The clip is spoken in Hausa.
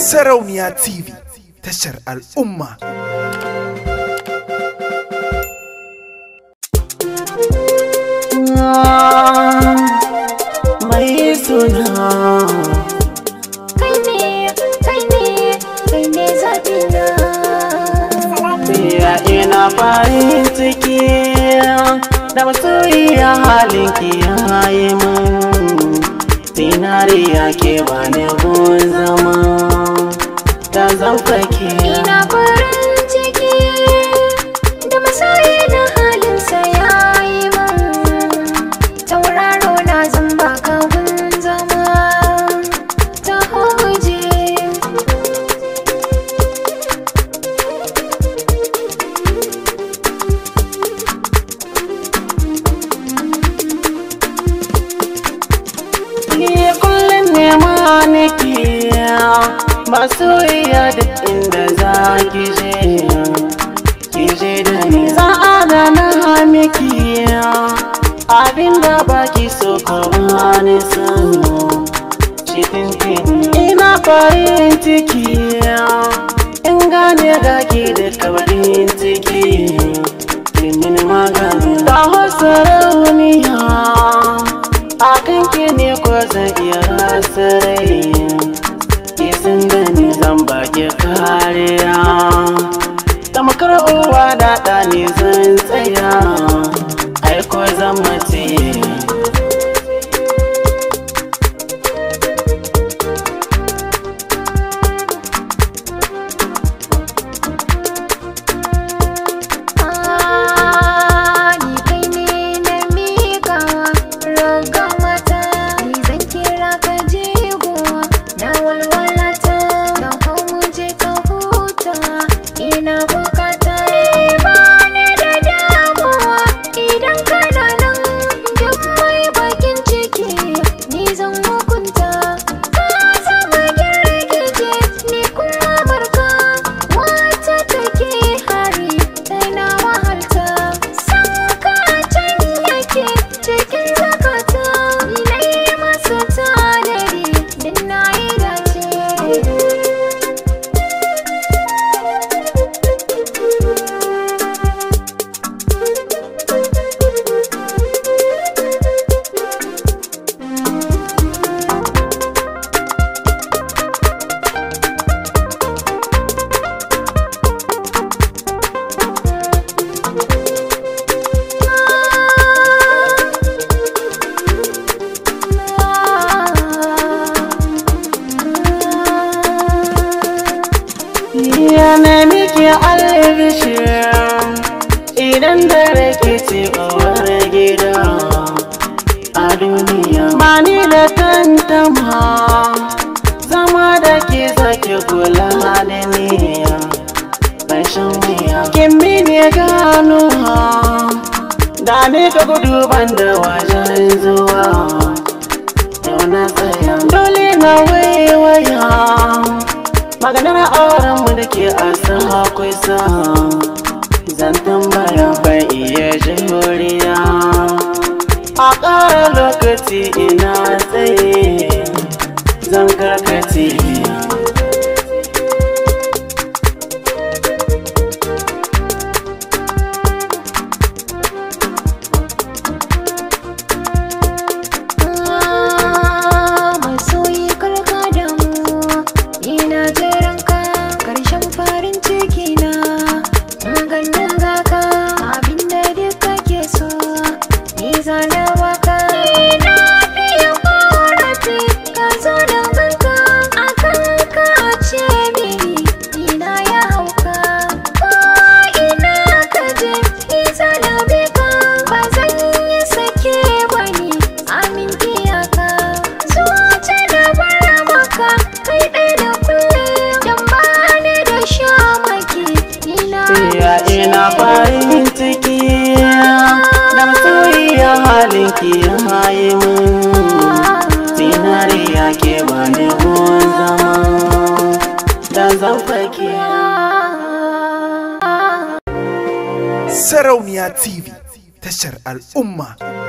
Sarauniya TV tashar al'umma. Mai suna Kai ne, kai ne, kai ne zaɓina Ya ina farin ciki da masoyi ya halin ki ya yi mun Zinariya ke bani buwan zama ta zaukake. Ina ma nake masoyiya duk inda za ki je ki je da ni za a gana miki baki so ka ba ni sanu cikin ina farin ciki in gane gaki da kabarin ciki ne ko zan iya rasa rai da ni zan baki kariya tamkar uwa da ɗa ne zan Ya na miki albishir idan da rake ce uwar gida a duniya. Ba ni da tantama zama da ke zaki kula da niyya bashin miya. Kin ne gano ha da ne ka gudu ban da wajen zuwa. Yau na tsaya. Dole na waiwaya. maganar auren mu da ke a san akwai zan tambaya ban iya jihoriya a ƙara lokaci ina tsaye zan karkace eyes are now ki haye mun zinariya ke bani gun zama da zaufake sarauniya tv tashar al'umma